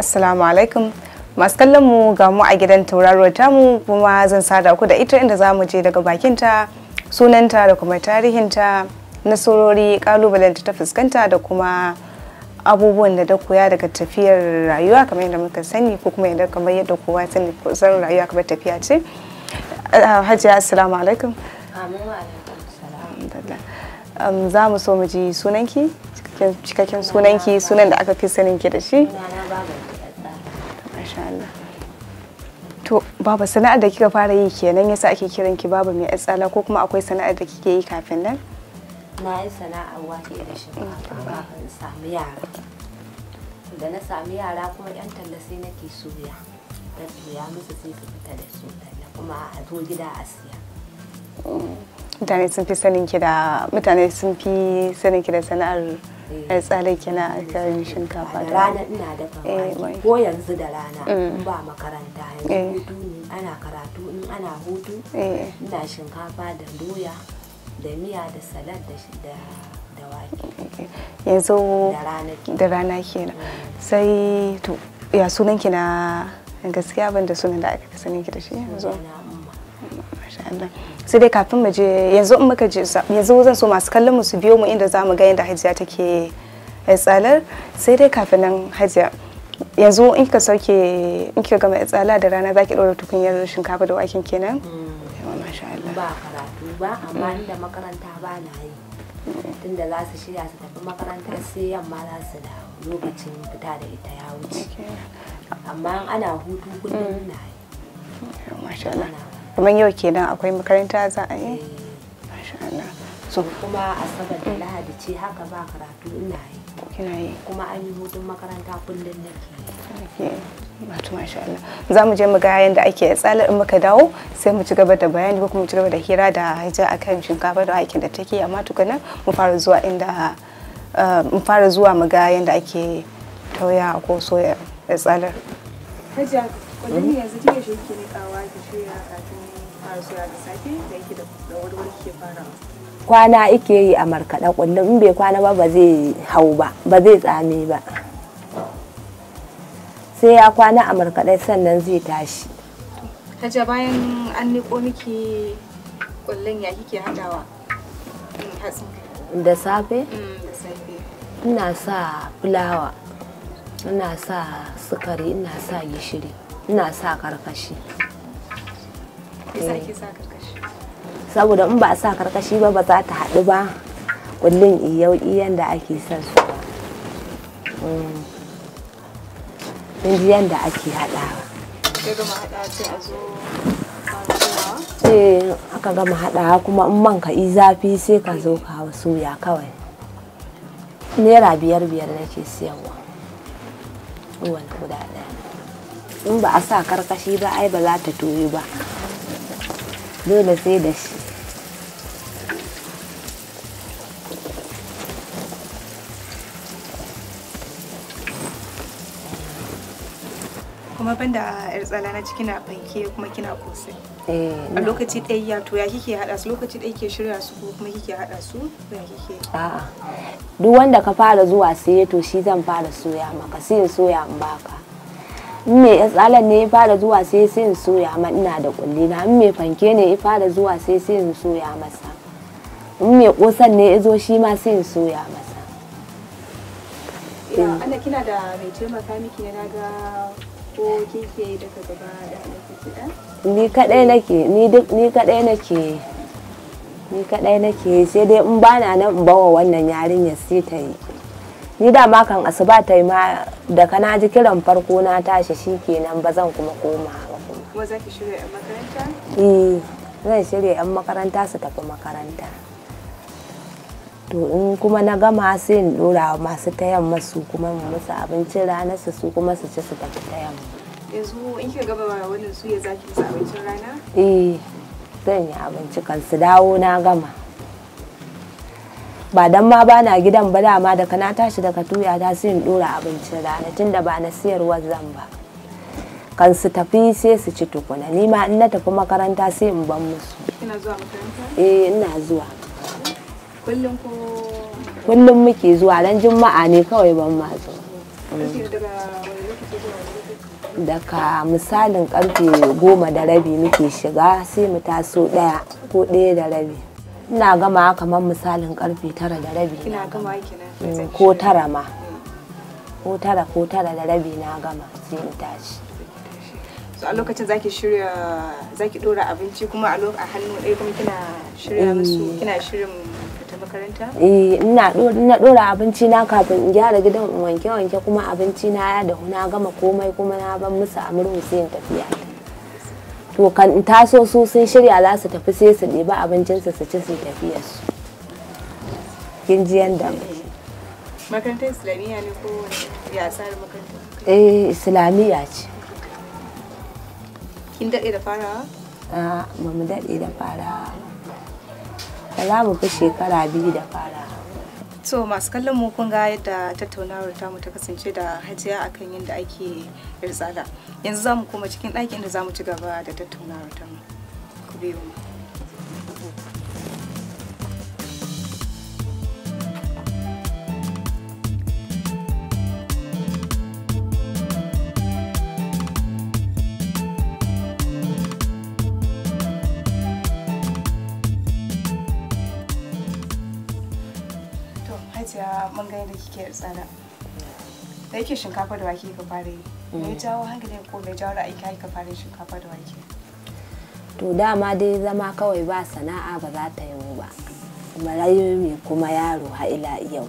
Assalamu alaikum. Masu kallon mu ga mu a gidan tauraruwar tamu kuma zan sada ku da ita inda za mu je daga bakinta sunanta da kuma tarihinta nasarori kalubalen ta fuskanta da kuma abubuwan da da koya daga tafiyar rayuwa kamar yadda muka sani ko kuma yadda kamar yadda kowa sani ko san rayuwa kamar tafiya ce ah, hajiya assalamu alaikum za mu so mu ji sunanki cikakken sunanki sunan da aka fi sanin ki da shi Baba sana'ar da kika fara yi kenan yasa ake kiran ki baba mai tsala ko kuma akwai sana'ar da kike yi kafin nan? Na yi sana'ar wake da shinkafa kafin sami yara. Da na sami yara kuma yan talla sai nake soya. Da soya musu sai su fita da su talla kuma a zo gida a siya. Mutane sun fi sanin ki da mutane sun fi sanin ki da sana'ar ya eh, tsare kina aka shinkafa da rana ina dafa eh, ko yanzu da rana mm. in ba makaranta eh. hutu ne ana karatu in ana hutu ina shinkafa da doya da miya da salad da yanzu da rana kenan mm. sai to ya sunan ki na gaskiya ban da sunan da aka sanin ki da shi yanzu sai dai kafin mu je yanzu in muka je yanzu zan so masu kallon mu su biyo mu inda zamu ga yadda hajiya take eh, tsalar sai dai kafin nan hajiya yanzu in ka sauke in ka gama tsala da rana zaki ɗora tukunyar shinkafa da waken kenan hmm. yawa masha Allah ba karatu ba amma inda makaranta ba na yi tunda za su shirya su tafi makaranta sai yamma za su dawo lokacin fita da ita ya wuce amma ana hutu kullum na yi masha Allah kuma yau kenan akwai makaranta za a yi eh, so kuma asabar da lahadi ce haka ba karatu ina yi kina yi kuma an yi hutun makaranta kullum nake wato masha Allah za mu je mu ga yadda ake tsala in muka dawo sai mu ci gaba da bayani ko kuma mu ci gaba da hira da haja akan shinkafa da aikin da take amma tukuna mu fara zuwa inda eh, mu fara zuwa mu ga yadda ake tauya ko soya eh, tsalar. Hajiya kullum yanzu tun yaushe kike nikawa ki shirya kafin fara soya da safe da yake da warwar ke farawa kwana ike yi a markaɗa kullum in bai kwana ba ba zai hau ba ba zai tsame ba sai ya kwana a markaɗa sannan zai tashi Hajiya bayan an niko miki kullum ya kike haɗawa mm, da safe? Mm, da safe ina sa fulawa ina sa sukari ina sa gishiri ina sa eh. karkashi saboda in ba a sa karkashi ba ba za ta haɗu ba kullum iyau iyan da ake son su ba mm. kun ji yadda ake haɗawa sai eh, aka gama haɗawa kuma in man ka zafi sai ka zo ka hau suya kawai naira biyar biyar nake siyarwa wani guda ɗaya in ba a sa karkashi ba ai ba za ta toyi ba dole sai da shi kuma ban da yar tsala na kina fanke kuma kina kosai eh, a lokaci ɗaya ya to ya kike hada su lokaci ɗaya ke shirya su ko kuma kike hada su ya kike a'a duk wanda ka fara zuwa sai to shi zan fara soya maka sai soya in baka me mai tsalan ne ya fara zuwa sai sai in soya ma ina da kulli na in mai fanke ne ya fara zuwa sai sai in soya masa in mai kosan ne ya zo shi ma sai in soya masa ana kina da mai taimaka miki na daga ko kike daga gaba da ni kadai nake ni duk ni kadai nake ni kadai nake sai dai in bana nan in bawa wannan yarinyar sai ta yi ni da ma kan asuba ta ma da kana ji kiran farko na tashi shikenan ba zan kuma koma ba kuma kuma zaki shirya yan makaranta eh zan shirya yan makaranta su tafi makaranta to in kuma na gama sai in dora masu ta yamma su kuma mu musu abincin rana su su kuma su ci su tafi ta yamma yanzu in ke gaba wannan su ya zaki musu abincin rana eh zan yi abinci kan su dawo na gama ba dan ma ba na gidan ba dama daga na tashi daga tuya ta sai in dora abincin rana da ba na siyarwa zan ba kan su tafi sai su ci tukuna nima ma in na tafi makaranta sai in ban musu ina zuwa makaranta eh ina zuwa kullum ko kullum muke zuwa dan juma'a ne kawai ban ma daga misalin karfe goma da rabi muke shiga sai mu taso daya ko daya da rabi ina gama kamar misalin karfe tara da rabi ina gama kenan mm, ko tara ma mm. ko tara ko tara da rabi na gama sai in tashi so a lokacin zaki shirya zaki dora abinci kuma a lokacin hannu ɗaya kuma kina shirya mm. musu kina shirin fita makaranta eh ina ina dora abinci na kafin in gyara gidan in wanke wanke kuma abinci na ya dahu na gama komai kuma na ban musu a sai in tafiya to kan taso su sun shirya za su tafi sai su ɗiba abincin su ci su tafiya su kin ji yanda makarantar islamiyya ne ko ya asar makarantar eh islamiyya ce kin daɗe da farawa a ba mu daɗe da farawa ba za mu fi shekara biyu da farawa so masu kallon mu kun ga yadda tattaunawar tamu ta kasance da hajiya akan yadda ake irtsada yanzu za mu koma cikin ɗakin da za mu ci gaba da tattaunawar tamu ku biyo mu na bangare da kike tsana da yake shinkafa da wake ka fara yi me ya jawo hankali ko me jawo ra'ayi ka fara shinkafa da wake to dama dai zama kawai ba sana'a ba za ta yiwu ba marayu mai kuma yaro ha'ila yau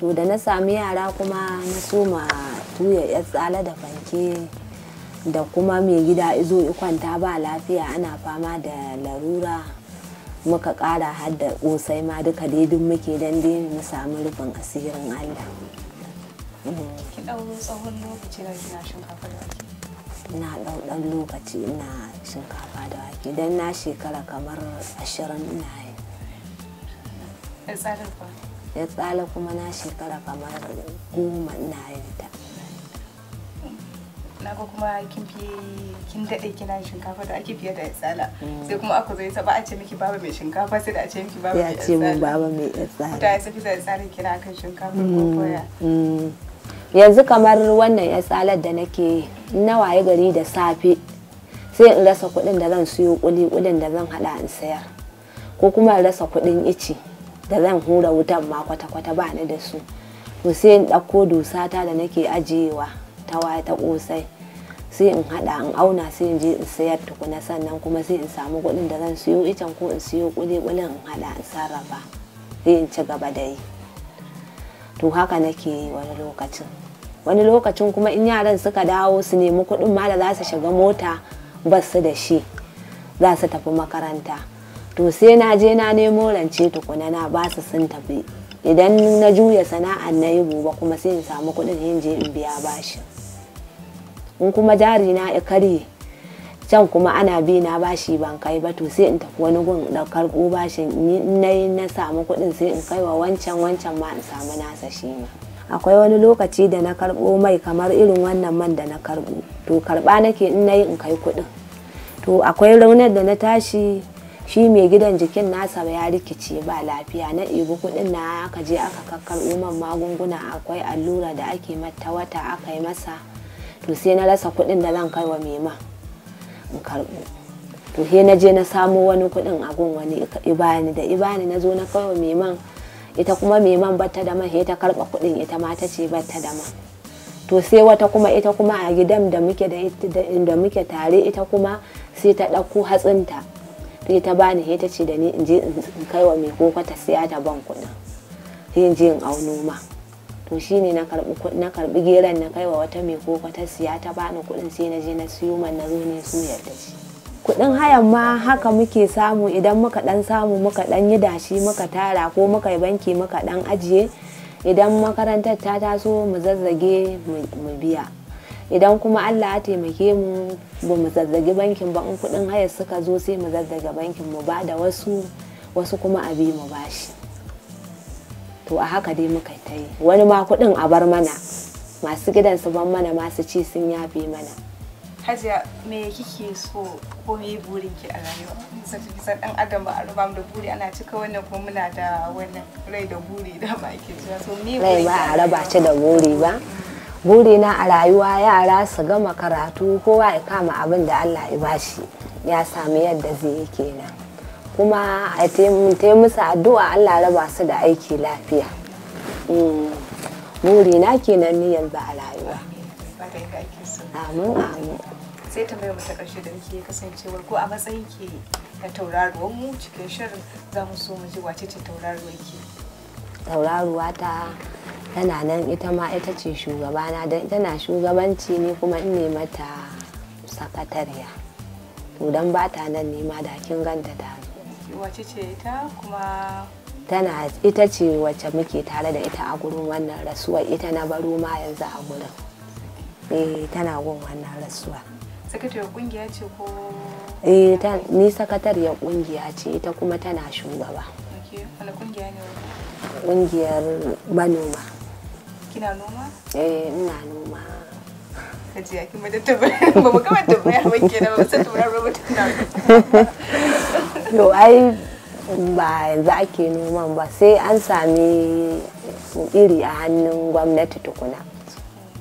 to da na sami yara kuma na soma tuya ya tsala da fanke da kuma mai gida izo kwanta ba lafiya ana fama da larura muka ƙara hadda ƙosai ma duka daidin muke don dai mu samu rufin asirin Allah. Ki tsawon lokaci kina shinkafa da wake? Na lokaci ina shinkafa da wake don na shekara kamar ashirin ina yi. Ya tsara kuma na shekara kamar goma ina yin ta. na ga kuma kin fi kin daɗe kina shinkafa da ake fiye da tsala mm. sai kuma aka zo yasa ba a ce miki baba mai shinkafa sai da a ce miki baba mai tsala ya ce mun baba mai tsala da yasa fi da tsala kina kan shinkafa ko mm, koya mm. yanzu kamar wannan ya tsalar da nake ya gari da safe sai in rasa kuɗin da zan siyo kuli kulin da zan hada in sayar ko kuma in rasa kuɗin ici da zan hura wutan ma kwata-kwata ba ni da su to sai in ɗauko dusata da nake ajiyewa tawaye ta kosai sai in hada in auna sai in je in sayar tukuna sannan kuma sai in samu kuɗin da zan siyo itan ko in siyo kulikulin in hada in sarrafa sai in ci gaba da yi to haka nake yi wani lokacin wani lokacin kuma in yaran suka dawo su nemi kuɗin ma da za su shiga mota bas su da shi za su tafi makaranta to sai na je na nemo rance tukuna na ba su sun tafi idan na juya sana'ar na yi gobe kuma sai in samu kuɗin yin je in biya bashin in kuma jari na ya karye can kuma ana bi na bashi ban kai ba to sai in tafi wani gun da karbo bashin in nayi na samu kuɗin sai in kai wa wancan wancan ma in samu nasa shi ma akwai wani lokaci da na karbo mai kamar irin wannan man da na karbo to karba nake in nayi in kai kuɗin to akwai raunar da na tashi shi mai gidan jikin nasa ya rikice ba lafiya na ɗebi kuɗin na aka je aka kakkar man magunguna akwai allura da ake mata wata aka yi masa to sai na rasa kuɗin da zan kai wa mema in karɓo to sai na je na samo wani kuɗin a gun wani ibani da ibani na zo na kai wa meman ita kuma meman batta da man sai ta karɓa kuɗin ita ma ta ce batta da man to sai wata kuma ita kuma a gidan da muke da muke tare ita kuma sai ta ɗauko hatsinta sai ta bani sai ta ce da ni in je in kai wa mai koko ta siya ta ban kuɗin sai in je in auno ma. to shine na karbi na karbi geran na kaiwa wata mai koko ta siya ta bani kuɗin sai na je na siyo man na zo ne su yarda shi kuɗin hayan ma haka muke samu idan muka dan samu muka dan yi dashi muka tara ko muka yi banki muka dan ajiye idan makarantar ta taso mu zazzage mu biya idan kuma allah ya taimake mu ba mu zazzage bankin ba in kuɗin hayar suka zo sai mu zazzage bankin mu ba da wasu wasu kuma abi mu bashi to a haka dai muka ta yi wani ma kuɗin a bar mana masu gidan su ban mana masu ci sun yafe mana hajiya me kike so ko me burin ki a rayuwa sai kisan dan adam ba a mu da buri ana cika wannan ko muna da wannan rai da buri da ba ke zuwa so me rai ba a raba ci da buri ba buri na a rayuwa yara su gama karatu kowa ya kama abin da Allah ya bashi ya sami yadda zai yi kenan kuma a taimaka musu addu'a Allah raba su da aiki lafiya muri mm. na kenan ni yanzu a rayuwa amin amin sai ta mai wata ƙarshe da muke kasancewar ko a matsayin ke na tauraruwan mu cikin shirin za mu so mu ji wace ce tauraruwa ke tauraruwa ta tana nan ita ma ita ce shugabana don tana shugabanci ne kuma in ne mata sakatariya to don ba ta nan nema da kin ganta ta zo wace ce ita kuma tana ita ce wacce muke tare da ita a gurin wannan rasuwa ita na baro ma yanzu a gurin eh tana gun wannan rasuwa sakatariyar kungiya ce ko eh ta ni sakatariyar kungiya ce ita kuma tana shugaba ne kungiyar manoma kina noma eh ina noma kaji ya kima da tabbayar ba mu kama tabbayar wanke na ba sai san tabbayar ba mutum na to ai ba yanzu ake noman ba sai an sami iri a hannun gwamnati tukuna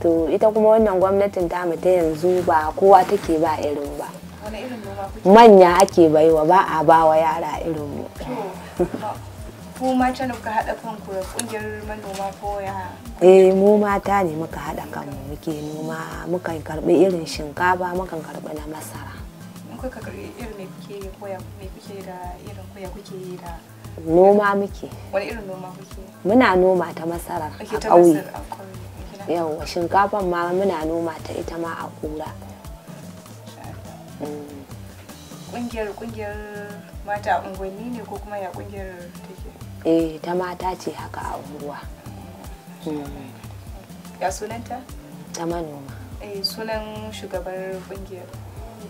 to ita kuma wannan gwamnatin ta ta yanzu ba kowa take ba irin ba manya ake baiwa ba a wa yara irin mu ku mata ne kuka haɗa kanku da ƙungiyar manoma ko ya eh mu mata ne muka haɗa kanmu muke noma mukan karɓi irin shinkafa muka karɓi na masara kuka karbi irin me kuke yi ko kuke da irin kuke yi da noma muke wani irin noma kuke muna noma ta masara a ƙauye yawa shinkafan ma muna noma ta ita ma a kura kungiyar mm. kungiyar mata unguwanni ne ko kuma ya kungiyar take eh ta mata ce haka a unguwa mm. ya sunanta ta manoma eh sunan shugabar kungiyar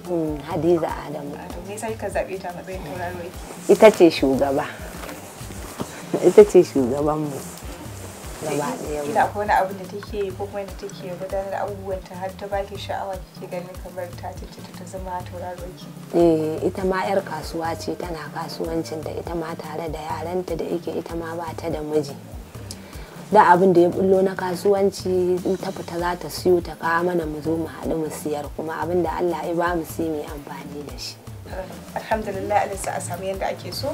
Mm, Hadiza Adamu. Me sai ka zaɓe ta matsayin tauraro Ita ce shugaba. Ita ce shugabanmu. Gaba ɗaya. Ita ko wani abin da take yi ko kuma da take gudanar da abubuwan ta har ta baki sha'awa kike ganin kamar ta tantance ta zama tauraro ki. Eh ita ma yar kasuwa ce tana kasuwancin ta ita ma tare da yaranta da yake ita ma ba ta da miji. da abin da ya bullo na kasuwanci in ta fita za ta siyo ta kawo mana mu zo mu haɗu mu siyar kuma abin da Allah ya ba mu sai mu yi amfani da shi alhamdulillah alisa a samu yadda ake so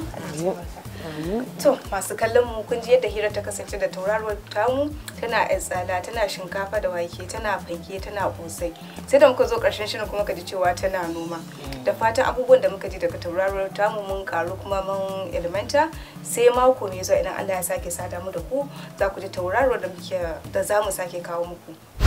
to masu kallon mu kun ji yadda hira ta kasance da tauraruwar tamu tana tsala tana shinkafa da wake tana fanke tana kosai sai da muka zo karshen shirin kuma ka ji cewa tana noma da fatan abubuwan da muka ji daga tauraruwar tamu mun karu kuma mun ilmanta sai mako mai zuwa idan Allah ya sake sada mu da ku za ku ji tauraruwar da muke da za mu sake kawo muku